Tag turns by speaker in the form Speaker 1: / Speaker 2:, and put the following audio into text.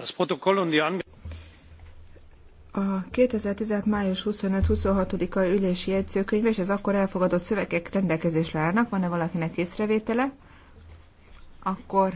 Speaker 1: A
Speaker 2: 2016. május 25-26-a ülési jegyzőkönyv és az akkor elfogadott szövegek rendelkezésre állnak. Van-e valakinek észrevétele? Akkor